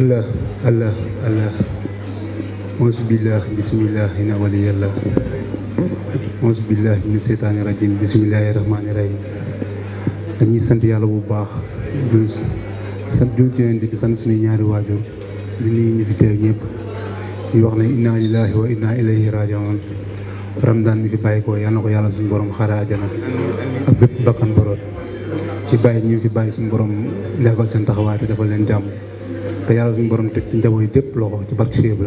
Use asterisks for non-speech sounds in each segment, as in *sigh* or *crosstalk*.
allah allah allah auzu billahi bismillahi na waliyallah auzu billahi mina seytaani rajim bismillahi rahmaani rahim dañuy sant yàlla bu baax jul sant jul ci yonent bi sant suñu ñaari waajur di ñu fi teew ñëpp di wax ne inna lillahi wa inna ilayhi rajiun ramadan mi fi bàyyi ko yal na ko yàlla suñu borom xaare àjjana ak bépp bakkan boroot di bàyyi ñu fi bàyyi suñu borom yàggal seen taxawaay te defal leen jàmm te yàlla suñu borom teg ci njaboot yi yëpp loxo ci barke Cheikh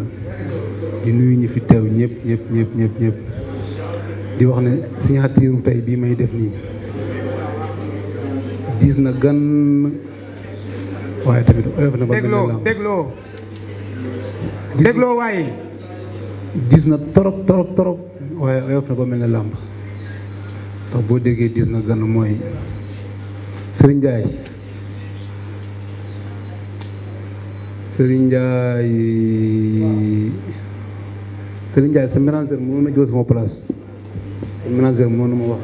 di nuyu ñi fi teew ñëpp ñëpp ñëpp ñëpp ñëpp di wax ne signature tey bii may def nii diis na gan waaye tamit oyof na ba na torop mel ne làmb tax boo déggee diis na gan mooy Serigne Ndiaye Serigne Ndiaye Serigne sa manager mënoon na jël sama place sa manager na ma wax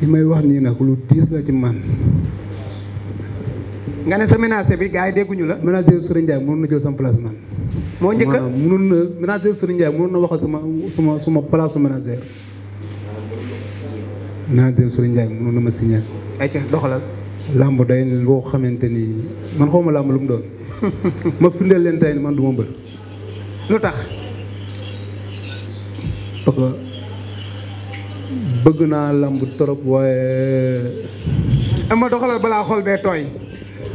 li may wax nii nag lu diis la ci man nga ne sa manager bi gars yi dégguñu la manager Serigne Ndiaye mënoon na jël sama place man moo njëkk a mënoon na manager Serigne Ndiaye mënoon na waxal sama sama sama place su manager manager Serigne ma signer ayca doxalal làmb day boo xamante ni man xaw ma làmb lu mu doon. *laughs* ma firndeel leen tey man du ma mbër. lu tax. parce que bëgg naa làmb trop waaye. ma doxalal balaa xol bee tooy.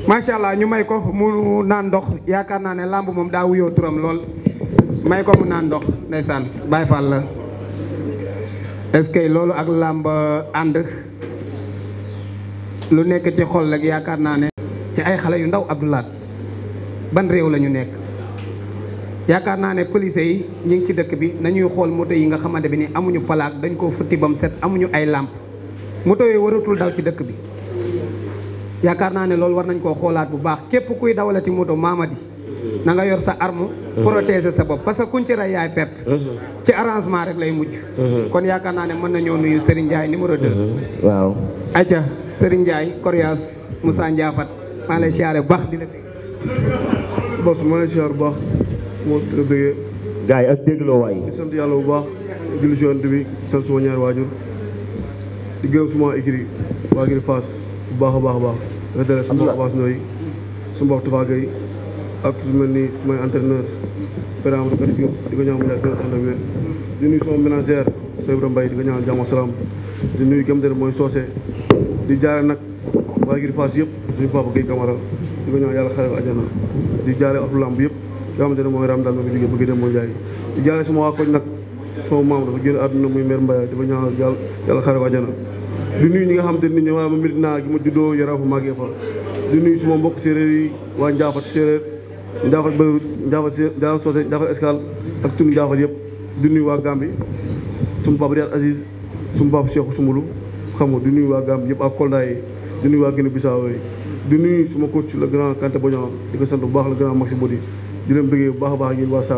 macha allah ñu may ko mu naan ndox yaakaar naa ne làmb moom daa wuyoo turam lool may ko mu naan ndox ndeysaan Baay Faal la est loolu ak làmb ànd. lu nekk ci xol rek yaakaar naa ne ci ay xale yu ndaw Abdoulaat ban réew la ñu nekk yaakaar naa ne police yi ñu ngi ci dëkk bi nañuy xool moto yi nga xamante bi ni amuñu plaque dañ koo futti bam set amuñu ay làmp moto yooyu waratul daw ci dëkk bi yaakaar naa ne loolu war nañ koo xoolaat bu baax képp kuy dawalati moto maamadi Mmh. na nga yor sa arme mmh. protéger sa bopp parce que kuñ ci rey yaay perte mmh. ci arrangement rek lay mujj kon yaakaar naa ne mën nañoo ñoo nuyu Serigne Ndiaye numéro 2 waaw aca Serigne Ndiaye Coriace Moussa Ndiafat maa bu baax di la bëgg bos maa lay siyaare bu baax moo di la bëggee gars yi ak waa giri Fass bu baax a baax suma Abass Ndoye suma Tafa Gueye ak su mel ni sumay entraîneur par exemple Kër Diop di ko ñaan mu nekk ànd ak wér di nuyu sama ménagère Sow Ibrahima di ko ñaan jàmm salaam di nuyu gëm dara mooy soose di jaare nag waa ngir nga xamante ne mooy raam ma ko jógee bëgg dem moo jaay di jaare sama waa nga xamante ni ñoom waa ma Medina ma fa di nuyu suma mbokk séeréer yi waa Njaafaat séeréer Ndiakhate Bërëb Ndiakhate Ndiakhate Socé Ndiakhate Escale ak tund Ndiakhate yëpp di nuyu waa Gambie suñu papa Riyad Aziz suñu papa Cheikh Soumboulou xam nga di nuyu waa Gambie yëpp ak Kolda yi suma baax le grand Maxi baax a baax yéen waa bi yëpp baax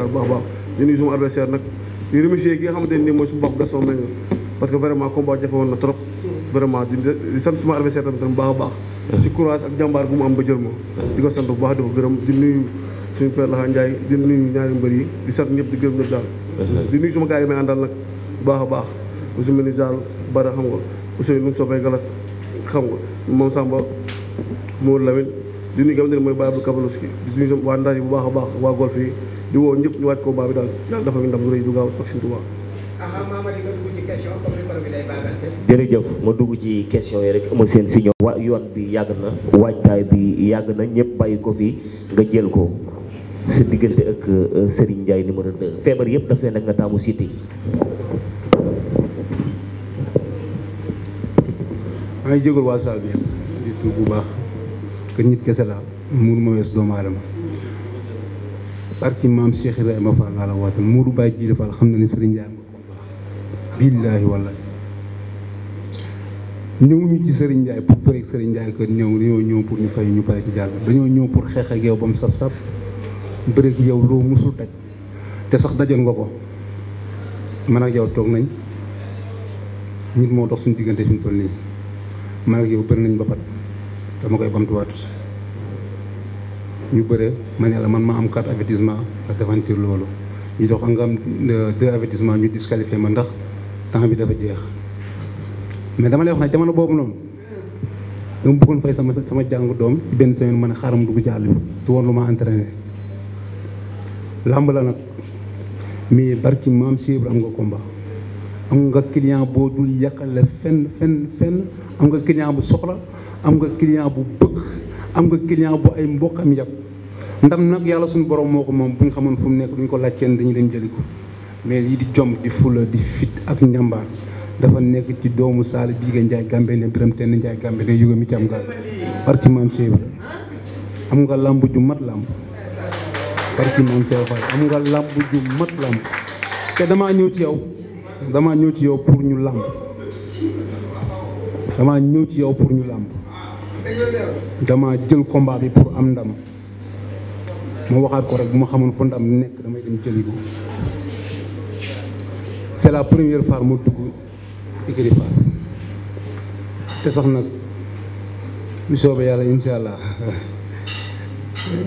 a baax di nuyu suma adversaire nag di remercier nga xamante ne nii mooy suñu bopp Gaston Mbengue parce que vraiment combat jafe woon na trop baax a baax ci courage ak jàmbaar bu mu am ba jël ma di ko sant bu baax di ko gërëm di nuyu suñu père Laxa Ndiaye di nuyu ñaari mbër yi di sant ñëpp di gërëm ñëpp daal di nuyu suma gars yi may àndal nag baax a baax su mel ni Zal Bada xam nga Ousseynou lu mu sobee galas nga moom Samba Mour Lamine di nuyu xamante mooy Baye Abdou Kabalowski di nuyu waa bu baax a baax waa golf yi di woo ñëpp ñu waaj ko baa bi daal yàlla dafa ñu ndam lu rëy du gaaw ak suñu tubaab jërëjëf ma dugg ci question yi rek ama seen si ñoom wa yoon bi yàgg na waajtaay bi yàgg na ñëpp bàyyi ko fi nga jël ko sa diggante ak euh, Serigne Ndiaye numéro 2 feebar yëpp dafee nag nga taamu siti maa ngi bu baax que la muur ma wees doomu aadama barki bàyyi ji defal xam na ne Serigne billaahi wallaahi ñëwuñu ci Serigne Ndiaye pour bëreeg Serigne Ndiaye que ñëw ñëw pour ñu fay ñu pare ci jàll dañoo ñëw pour xeex ak ba mu sab-sab bëreeg yow loo musul daj te sax dajal nga ko man ak toog nañ nit moo dox suñu diggante fi mu toll nii man ak yow bëri nañ ba dama koy bamtuwaat ñu bëre ma ne man ma am quatre avertissement ak defantir loolu ñu dox nga am euh, deux avertissement ñu disqualifié ma ndax temps bi dafa jeex. mais dama lay wax ne jamono boobu noonu dama bëggoon fay sama sama jàngu doom ci benn semaine mën a xaaram dugg ci bi du woon lu ma entraîné làmb la nag mais barki maam Cheikh am nga combat am nga client boo dul yàqale fenn fenn fenn am nga client bu soxla am nga client bu bëgg am nga client bu ay mbokk am yàpp ndam nag yàlla suñu borom moo ko moom bu ñu xamoon fu mu nekk duñ ko laaj kenn dañu dem jëli ko mais lii di jom di fula di fit ak njàmbaar dafa nekk ci doomu Saal Jigéen Njaay Gambe ne Biram Tenn Njaay Gambe ne Yuga mi cam gaal barki maam am nga làmb ju mat lamb barki maam Cheikh Fall ju mat lamb te damaa ñëw ci yow damaa ñëw ci yow pour ñu lamb damaa ñëw ci yow pour ñu lamb damaa jël combat bi pour am ndam ma waxaat ko rek bu ma xamoon fu ndam nekk damay dem jëli ko c'est la première fois mu dugg écurie Fass te sax nag bu soobee yàlla incha allah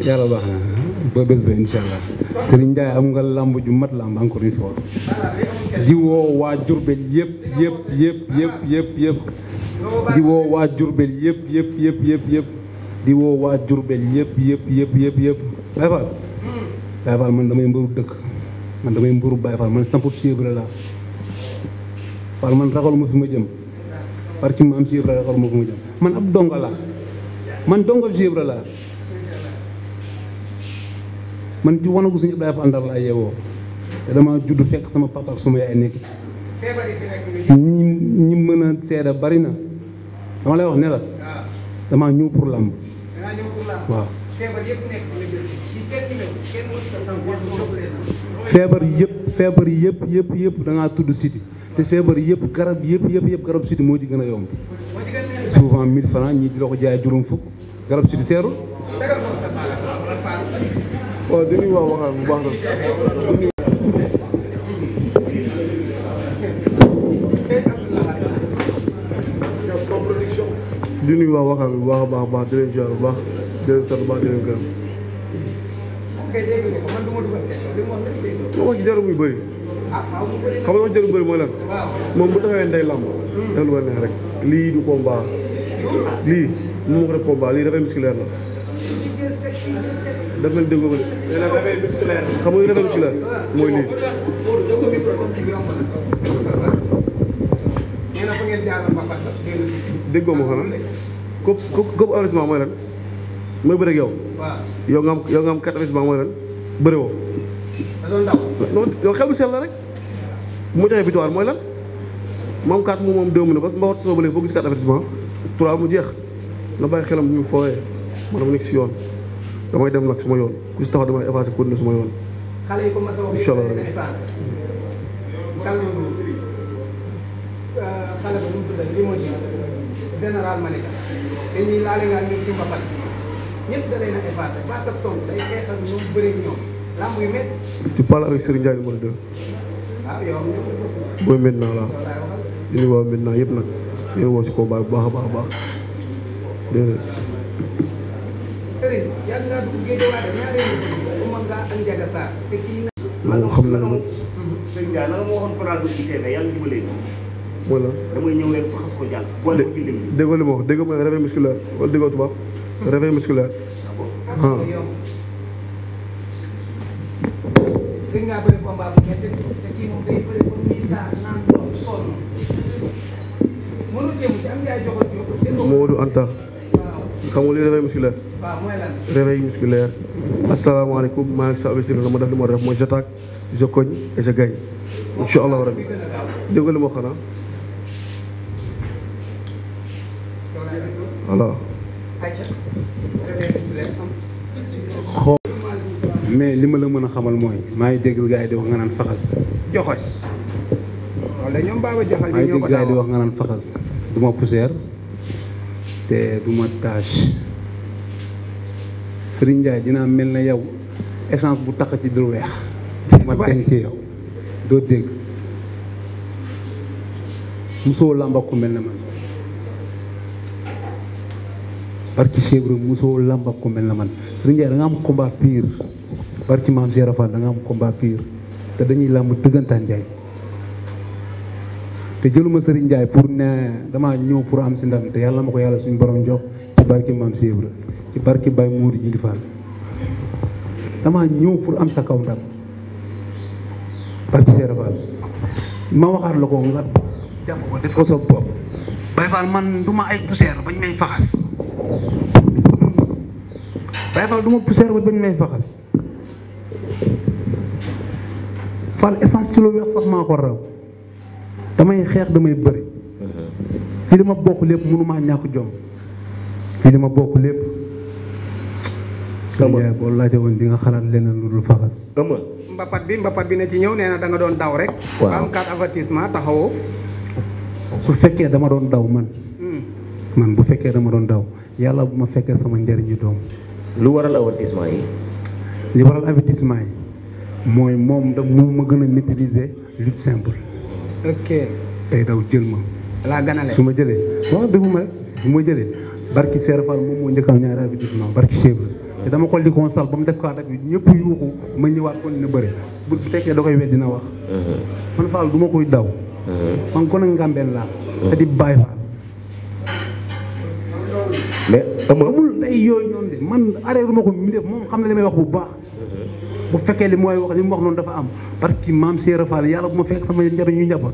yàlla baax na ba ba incha allah Serigne am nga làmb ju mat làmb encore une fois di woo waa Diourbel yëpp yëpp yëpp yëpp yëpp di woo waa Diourbel yëpp yëpp yëpp yëpp yëpp di woo waa Diourbel man damay mbëru dëkk man damay mbëru Baye Fall man sampu Cheikh Ibra la par man ragal ma fi ma jëm par ci maam Cheikh Ibra ragal ma fi ma jëm man ab donga la man donga Cheikh Ibra la man ci wanagu suñu Ibrahima àndar laa yeewoo te dama judd fekk sama papa ak suma yaay nekk ci ñi ñi mën a seede bari na dama lay wax ne la damaa ñëw pour làmb feebar yëpp feebar yëpp yëpp yëpp dangaa tudd siti te feebar yëpp garab yëpp yëpp garab siti moo ci gën a yomb souvent 1000 francs ñi di ko jaay juróom fukk garab siti seerul waaw dañuy wax waxal bu baax baax baax baax di leen bu baax di leen baax di leen gërëm wax ji jarul muy bëri xam nga wax jëru mooy lan moom bu taxawee ndey làmb def lu ma neex rek lii du combat lii moom moo ko def combat lii dafay musculaire la daf leen déggoo ba xam nga dafay musculaire mooy lii ma xanaa ko ko avertissement mooy lan mooy bëri ak yow nga am yow nga am quatre avertissement mooy lan bëri woo non yow xel la rek bu ma joxee victoire mooy lan moom quatre moom moom deux mu ne parce que Mbawar Sossoba léegi foo gis quatre avertissement trois mu jeex na bàyyi xelam bu ñu fooyee man dama nekk si yoon damay dem nag suma yoon yoon. xale yi commencé wax incha allah euh, xale bu mu tudd limousine général Malika dañuy laale ci mbapat ñëpp da leen a effacé ba toog mooy maintenant la li ñu woo maintenant yëpp nag naa dugg xam na moom. sëñ Dia na nga ma waxoon plateau ci TV yàlla ba léegi. voilà damay ñëw rek xas ko jàll. boole ko ci lim bi déggoo li ma wax déggoo mooy réveil musculaire day Anta. xam nga li réveil musculaire. waaw mooy lan. réveil sa objectif la ma def li ma def mooy j'attaque je cogne et allah rabi dégg nga li ma xanaa. mais li ma la mën a xamal mooy maa ngi dégg gars yi di wax nga naan faxas. joxos. wala ñoom baaba poussière te du ma tâche Serigne Ndiaye mel na yow essence bu tax ci du weex. *laughs* ma denc yow doo dégg. musoo làmba ku mel ne man barki chèvre musoo làmba ku mel na man Serigne Ndiaye da am combat pire. barki maam Cheikh Rafal da am combat te dañuy làmb dëggantaan njaay te jëluma Serigne Ndiaye pour ne damaa ñëw pour am si ndam te yàlla ma ko yàlla suñu borom jox ci barki maam Cheikh Ibra ci barki Baye Mourou Djili Fall damaa ñëw pour am sa kaw ndam barki Cheikh Rafal ma waxaat la ko nga jàpp ko def bopp Baye Fall man du ay poussière bañ may faxas Fall essence ci lu weex sax maa ko raw damay xeex damay bëri. Uh-huh. fii li ma bokk lépp mënumaa ñàkk jom fii li ma bokk lépp. ëmb yaay boo laajee woon di nga xalaat leneen lu dul faxas. ëmb. mbapat bi mbapat bi ne ci ñëw nee na da nga doon daw rek. waaw am carte avertissement su fekkee dama doon daw man. Hmm. man bu fekkee dama doon daw yàlla bu ma fekkee sama njëriñu doom. lu waral avertissement yi. li waral avertissement yi. mooy moom da moom ma gën a maîtriser lutte simple. ok tey daw jël ma. laa ganale su ma jëlee waaw defuma rek ma jëlee barki Serapal moom moo njëkk a am ñaari avertissement barki Cheikh te dama ko li consal ba mu def ko ak ñëpp yuuxu ma ñëwaat kon ne bëri bu fekkee da koy wet dina wax. Uh-huh. man Fall du ma koy daw. Uh-huh. man kon a ngàmbeel laa. Uh-huh. te di bàyyi Fall. amul ay yooyu noonu de man arrêté ma ko mi def moom xam na li may wax bu baax. bu fekkee li mooy wax li mu wax noonu dafa am parce que maam Seera Fall yàlla bu ma fekk sama njariñu njaboot.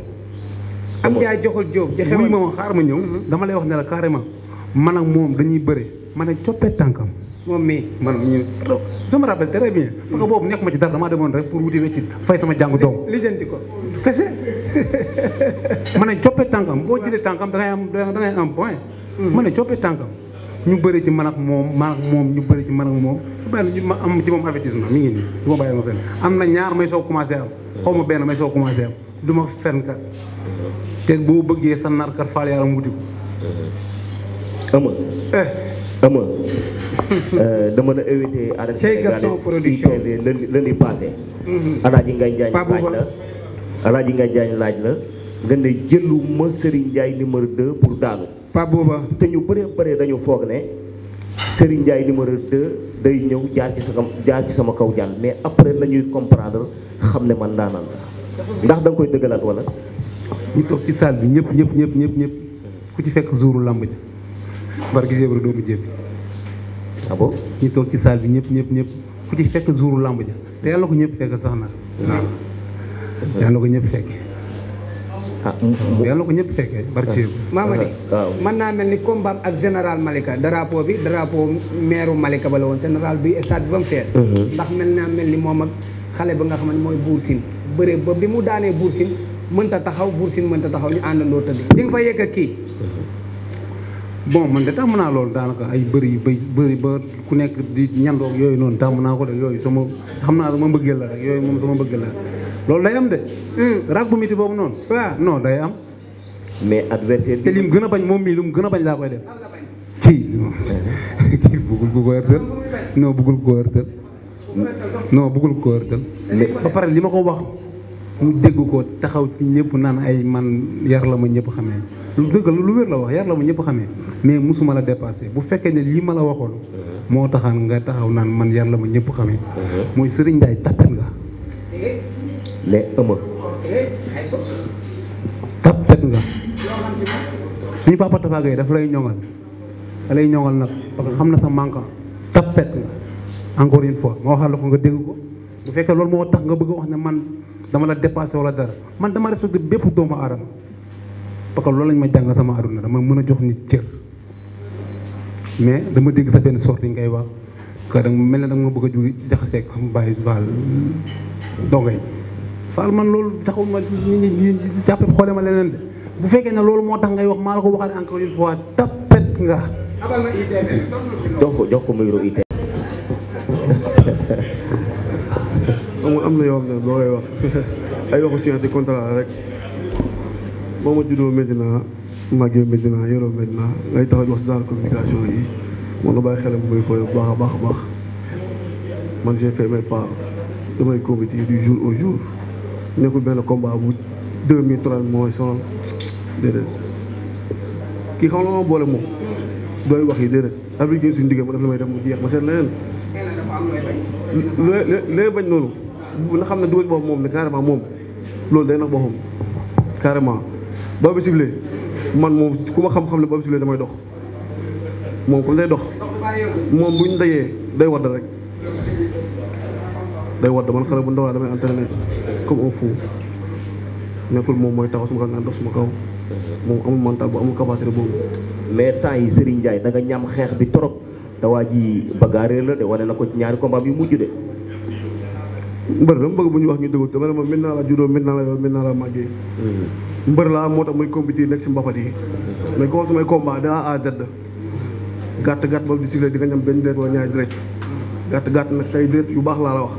am jaay joxul jóob jafe ma ma xaar ma ñëw. Mm-hmm. dama lay wax ne la carrément man ak moom dañuy bëre ma ne coppee tànkam. moom mii man ñu je me rappelle très bien. Mm-hmm. parce boobu nekk ma ci dara damaa demoon rek pour wuti wecci fay sama jàngu doom. lijjanti ko kese. *laughs* ma ne coppee tànkam boo jëlee tànkam da ngay am da ngay am point. Mm-hmm. ma ne coppee tànkam. ñu bëri ci man ak moom man ak moom ñu bëri ci man ak moom benn ñu ma am ci moom mi ngi nii ma bàyyi ma fenn am na ñaar may soo commencé am xaw ma benn may soo commencé am du ma fenkat te boo bëggee sa narkat faal yàlla mu wuti ko ama eh. ama *laughs* eh, dama la invité arène sénégalaise ITV lundi lundi passé mm-hmm. alaaji Ngagne Diagne laaj la nga ne jëluma Serigne Ndiaye numéro 2 pour daanu. pa booba te ñu bëree bare dañu foog ne Serigne Ndiaye numéro 2 day ñëw jaar ci sa ci sama kaw jàll mais après la ñuy comprendre xam ne man daanaan la ndax da koy dëggalaat wala. ñu toog ci salle bi ñëpp ñëpp ñëpp ñëpp ñëpp ku ci fekk jouru làmb ji barki ñu toog ci salle bi ñëpp ñëpp ñëpp ku ci fekk jouru làmb ja te yàlla ko ñëpp fekk sax na mm-hmm. yàlla ko ñëpp fekke yàlla ko ñëpp fekkee barke ah, ah, Mamadi mën naa mel ni combat ak général Malika drapeau bi drapeau maire Malika ba la woon général bi stade bi ba mu fees mhm. ndax mel naa mel ni moom ak xale bi nga xam ne mooy buur sin bëre ba bi mu daanee buur sin mënta taxaw buur sin mënta taxaw ñu àndandoo tëdd di nga fa yëg ak kii mhm. bon man de tàmm naa loolu daanaka ay bëri yu bëri ba ku nekk di ñandoog yooyu noonu tàmm naa ko de yooyu sama xam naa sama mbëggeel la yooyu moom sama mbëggeel la loolu day am de. Mm. raag bu miti boobu noonu. waaw non day am. mais adversaire bi. te lim gën a bañ moom mii mu gën a bañ laa koy def. kii *laughs* kii bëggul ku ko ërtal non bëggul ku ko ërtal ba pare li ma ko wax mu dégg ko taxaw ci ñëpp naan ay man yar la ma ñëpp xamee lu dëgg lu wér la wax yar la ma ñëpp xamee mais musuma la dépassé bu fekkee ne lii ma la waxoon uh-huh. moo taxaan nga taxaw naan man yar la ma ñëpp xamee uh-huh. mooy Serigne Ndiaye tattan nga les ëmma tapet nga suñu papa Tafa Gueye lay ñoŋal da lay ñoŋal nag parce xam na sa manquant tapet nga encore une fois ma waxaat la ko nga dégg ko bu fekkee loolu moo tax nga bëgg wax ne man dama la dépassé wala dara man dama respecté bépp doomu aadama parce loolu lañ ma jàng sama aduna dama mën a jox nit cër mais dama dégg sa benn sortie ngay wax que mel ne danga bëgg a jóg jaxaseeg xam bàyyi baal dongay Fall man loolu taxul ma nit ñi xoole ma leneen de bu fekkee ne loolu moo tax ngay wax maa la ko waxaat encore une fois nga. jox ko jox ko micro ITV. am na yoo xam ne boo koy wax ay waxu science de contrat rek boo ma juddoo Medina màggee communication yi moo nga bàyyi xelam muy fooy baax a baax a baax man j'ai fait mes pas damay compétir du jour au jour. nekkul benn combat bu deux mille trois mooy sonal kii xam la ma boole moom dooy wax yi déedéet affaire yi suñu diggante mu def may def mu jeex ma seet leneen. looy bañ noonu na xam ne dugal boobu moom ne carrément moom loolu day nax boppam carrément ba bi sifflé man moom ku ma xam-xam ne ba bi sifflé damay dox moom comme day dox moom buñ dajee day wadd rek day wadd man xale bu ndaw laa damay entraîné comme un fou nekkul moom mooy taxaw su ma ko naan dox ma kaw moom amul mental bu amul capacité boobu. mais temps yi Serigne Ndiaye da nga ñam xeex bi trop te waa ji bagarreur la de wane na ko ci ñaari combat yu mujj de. mbër dama bëgg ñu wax ñu dëgg dama ne ma maintenant la la yow maintenant la hmm. laa moo tax muy compétir nekk si mbapat yi. Hmm. mais comme samay combat de A à Z. gàtt gàtt boobu di siffler ñam benn dërët wala ñaari dërët. gàtt gàtt nag tey dërët yu baax laa la wax.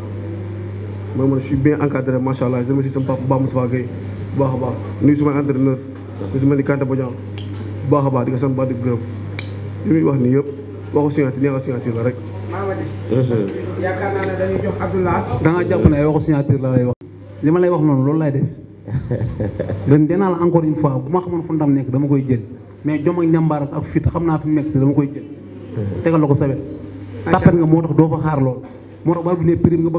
man man je suis bien encadré macha allah je remercie sama papa Ba Moussa Gueye bu baax a baax nuyu sumay entraîneur ku si mel ni Kante Badian bu baax a baax di nga sant baax di gërëm li muy wax yëpp waxu signature neexa rek. yaakaar naa ne dañuy jox Abdoulaye. waxu signature la lay wax. li ma lay wax noonu loolu lay def ren dinaa la encore une fois bu ma xamoon fu ndam nekk dama koy jël mais jom ak njàmbaar ak fit xam naa fi mu nekk dama koy jël. tegal la ko sawet tàppet nga moo tax doo fa xaar lool moo tax bal bu ne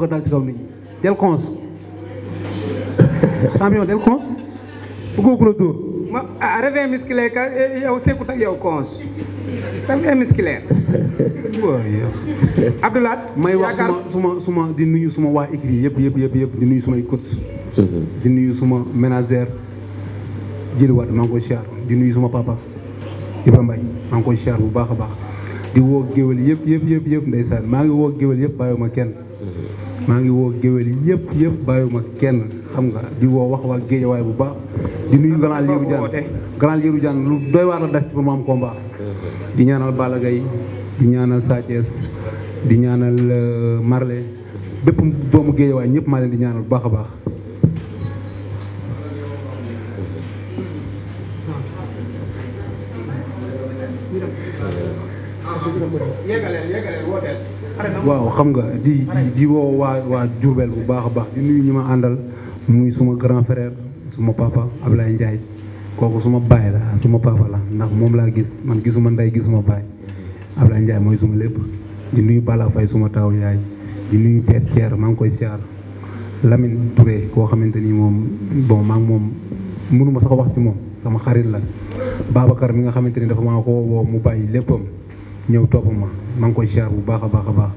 a dal ci kaw nit ñi del cons champion del cons bëggoo ku la dóor yow sekkut ak yow cons revin musculaire may wax suma suma di nuyu suma waa écrit yëpp yëpp yëpp yëpp di nuyu sumay coach mhm. di nuyu suma ménagère jëli waat maa koy siyaar di nuyu suma papa Ibrahima Mbaye maa ngi koy siyaar bu baax a baax di woo géwél yëpp yëpp yëpp yëpp ndeysaan maa ngi woo géwél yëpp bàyyiwuma kenn mhm. maa ngi woo géwél yëpp yëpp bàyyiwuma kenn xam nga di woo wax waa géejawaay bu baax di nuyu grand Lirou Diane grand Lirou Diane lu doy waar la def ci ba mu am combat di ñaanal Balla di ñaanal Sa Thiès di ñaanal euh, Marley bépp doomu géejawaay ñëpp maa leen di ñaanal bu baax a baax waaw xam nga di di woo waa waa Diourbel bu baax a baax di nuyu ñi ma àndal muy suma grand frère suma papa Ablaye njaay kooku suma baay la suma papa la ndax moom laa gis man gisuma ndey gisuma baay Ablaye Ndiaye mooy suma lépp nuyu Bala Faye suma taaw yaay di nuyu Pierre Thier maa ngi koy siyaar Lamine Touré koo xamante ni moom bon maa moom mënuma sax wax moom sama xarit la Babacar mi nga xamante ni dafa maa woo mu bàyyi léppam ñëw topp ma maa ngi koy siyaar bu baax a baax a baax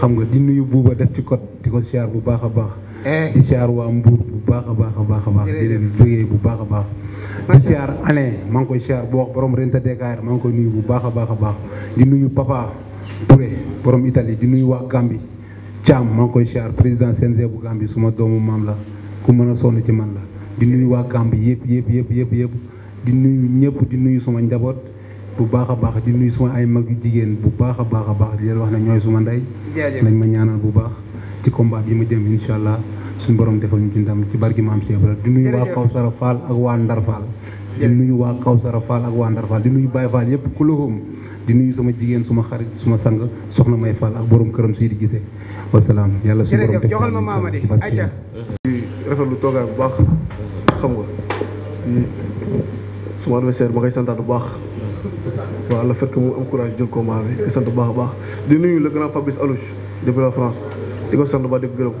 xam nga di nuyu buuba def ci kot di ko siyaar bu baax a baax. Eh. di siyaar waa Mbour bu baax a baax a baax a baax. di leen bëggee bu baax a baax. di siyaar Alain maa ngi koy siyaar boo wax borom Rente Dakar maa ngi koy nuyu bu baax a baax a baax di nuyu Papa Touré borom Italie di nuyu waa Gambie Thiam maa ngi koy siyaar président CNG bu Gambie suma doomu maam la ku mën a sonn ci man la di nuyu waa Gambie yëpp yëpp yëpp yëpp yëpp di nuyu ñëpp di nuyu suma njaboot. bu baax a baax di nuyu suma ay mag yu jigéen bu baax a baax a baax di wax na ñooy suma ndey nañ ma ñaanal bu baax ci kombaat yi ma jëm incha allah suñ borom defal ñu ci ndam ci barki maam Cheikh di nuyu waa Kawsara Fall ak waa Ndar Fall di nuyu waa Kawsara Fall ak waa Ndar Fall di nuyu Baye Fall yëpp kulohum di nuyu sama jigéen suma xarit suma sang soxna May Fall ak borom këram sii di gisee wasalaam yàlla suñu borom joxal ma Mamadi ayca rafetlu toogaay bu baax xam nga suma adversaire ma koy santaat bu baax waaw la fekk que mu am courage jël combat bi di sant bu baax a baax nuyu le grand Fabrice Alouche depuis la France di ko sant ba di gërëm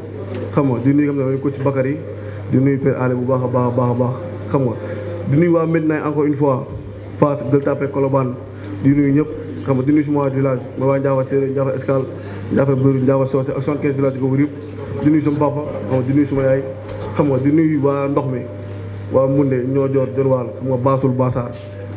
xam nga di nuyu xam ne mooy coach Bakary di bu baax a baax a baax xam nga di nuyu waa Médina encore une fois Fass Gueule Tapée Colobane di nuyu ñëpp xam nga di nuyu suma village mooy waa Ndiafa Séré Ndiafa Escale Ndiafa Bër Ndiafa Socé ak 75 village ko wër yëpp di nuyu sama papa xam nga di nuyu suma yaay waa ndox mi waa Moundé ñoo joor jor waal xam nga baasul baasaar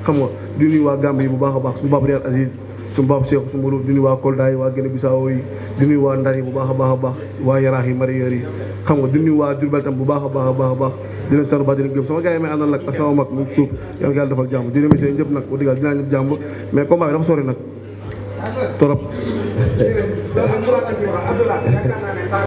xam nga di nuyu waa Gambie yi bu baax a baax suñu baabu Real Aziz suñu baabu Cheikh su Mbooloo di nuyu waa Kolda waa Guinée Bissau yi di nuyu waa Ndar yi bu baax a baax a baax waa Yaraax yi Mareyeur yi xam nga di nuyu waa Diourbel tam bu baax a baax a baax a baax di leen sant baax di leen gëm sama gars yi may àndal nag ak sama mag mu suuf yàlla yàlla defal jàmm di remercier ñëpp nag wax dëgg yàlla dinaa ñëpp jàmm mais combat bi dafa sori nag torop *laughs*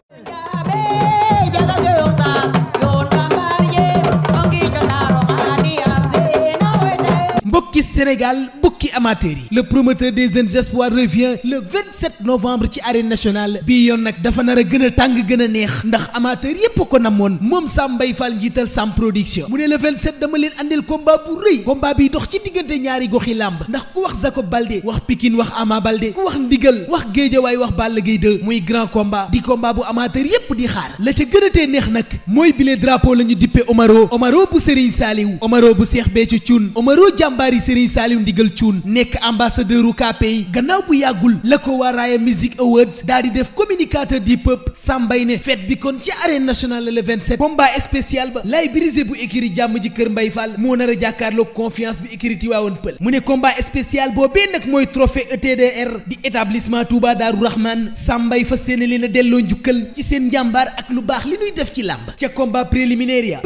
Sénégal bukki amateur yi le promoteur des jeunes espoirs revient le 27 novembre ci arène nationale bii yoon nag dafa nar a a tàng gën a neex ndax amateur yépp ko namoon moom Sam Mbaye Fall njiital Sam Production mu ne le 27 dama leen andil combat bu rëy combat bi dox ci diggante ñaari goxi làmb ndax ku wax Jacob Baldé wax Pikine wax Ama Baldé ku wax Ndigal wax waaye wax Balla Gaye 2 muy grand komba di combat bu amateur yépp di xaar la ca gën a neex nag mooy bile drapeau la ñu dippe Omaro Omaro bu Serigne Saliou Omaro bu Cheikh Béthio Thioune Omaro jàmbaari Serigne Saliou Ndigal Thioune nekk ambassadeur u KPI gannaaw bu yàggul la ko waa Raaya Awards daal di def communicateur di peuple sàmbay ne fet bi kon ci arène nationale le 27 combat spécial ba lay brisé bu écurie jàmm ji kër Mbay Fall moo nar a jàkkaarloo confiance bu écurie Tivaouane Peul mu ne combat spécial boobee nag mooy trophée ETDR di établissement Touba Darou Rahman sàmbay fa seen leen a delloo njukkal ci seen njàmbaar ak lu baax li nuy def ci làmb ca combat préliminaire ya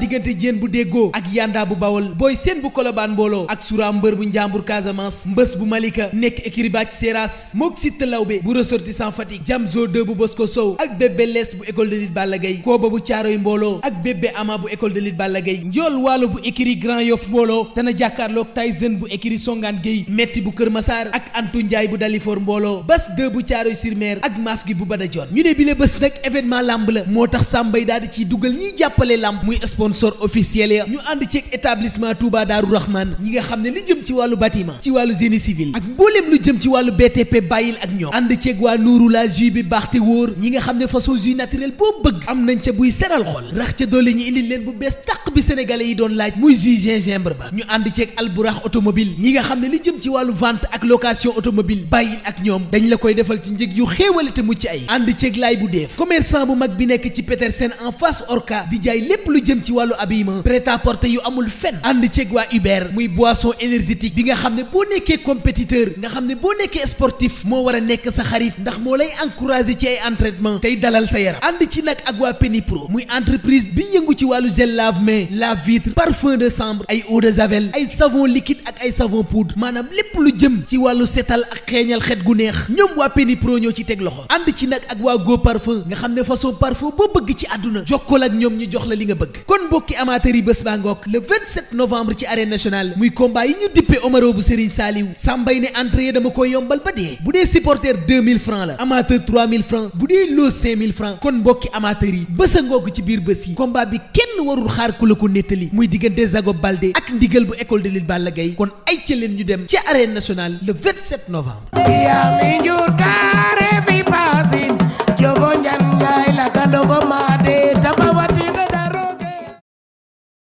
diggante jéen bu déggoo ak yanda bu sura mbër bu njàmbur Casamance mbës bu Malika nekk écurie Bathie Seras mook Siteu Lawbe bu ressortissant Fatick jam zo 2 bu Bosco Sow ak bébé les bu école de lutte Balla Gaye kooba bu caaroy mbooloo ak bébé ama bu école de lutte Balla njool waalo bu écurie Grand Yoff mbooloo dana jàkkaarloog Tyson bu écurie Songane Gueye metti bu Kër Massar ak Antou Ndiaye bu Dalifor mbooloo bas 2 bu caaroy sur ak maaf gi bu Badajon ñu ne bile bés nag événement moo tax sàmbay daal di ciy dugal ñiy jàppale lamb muy sponsor officiel ya xam ne li jëm ci wàllu bâtiment ci wàllu génie civil ak mbooleem lu jëm ci wàllu BTP bàyyil ak ñoom ànd ceeg waa nuuru la jus bi baax te wóor ñi nga xam ne façon jus naturel boo bëgg am nañ ca buy seral xol rax ca doole ñu indi leen bu bees tàq bi sénégale yi doon laaj muy jus gingembre ba ñu ànd ceeg alburax automobile ñi nga xam ne li jëm ci wàllu vente ak location automobile bàyyil ak ñoom dañu la koy defal ci njëg yu xéewale te mucc ay ànd ceeg laay bu deef commerçant bu mag bi nekk ci Petersen en face Orca di jaay lépp lu jëm ci wàllu habillement prêt à porter yu amul fenn ànd ceeg waa muy bois boisson énergétique bi nga xam ne boo nekkee compétiteur nga xam ne boo nekkee sportif moo war a nekk sa xarit ndax moo lay encourager ci ay entraînement tey dalal sa yaram ànd ci nag ak waa Penipro muy entreprise bi yëngu ci wàllu gel lave-mains lave-vitre parfum de ay eau de javel ay savon liquide ak ay savon poudre maanaam lépp lu jëm ci wàllu setal ak xeeñal xet gu neex ñoom waa Penipro ñoo ci teg loxo ànd ci nag ak waa Go Parfum nga xam ne façon parfum boo bëgg ci àdduna jokkoo ak ñoom ñu jox la li nga bëgg kon mbokki amateur yi bés baa ngoog le 27 novembre ci arène nationale combat yi ñu dippe Omaro bu Serigne Saliou sàmbay ne entrée dama ko yombal ba dee bu dee supporter 2000 francs la amateur 3000 francs bu dee loo 5000 francs kon mbokki amateur yi bës a ngoog ci biir bës yi combat bi kenn warul xaar ku la ko nettali muy diggante Zago Balde ak ndigal bu école de lutte Balla kon ay ca leen ñu dem ci arène nationale le 27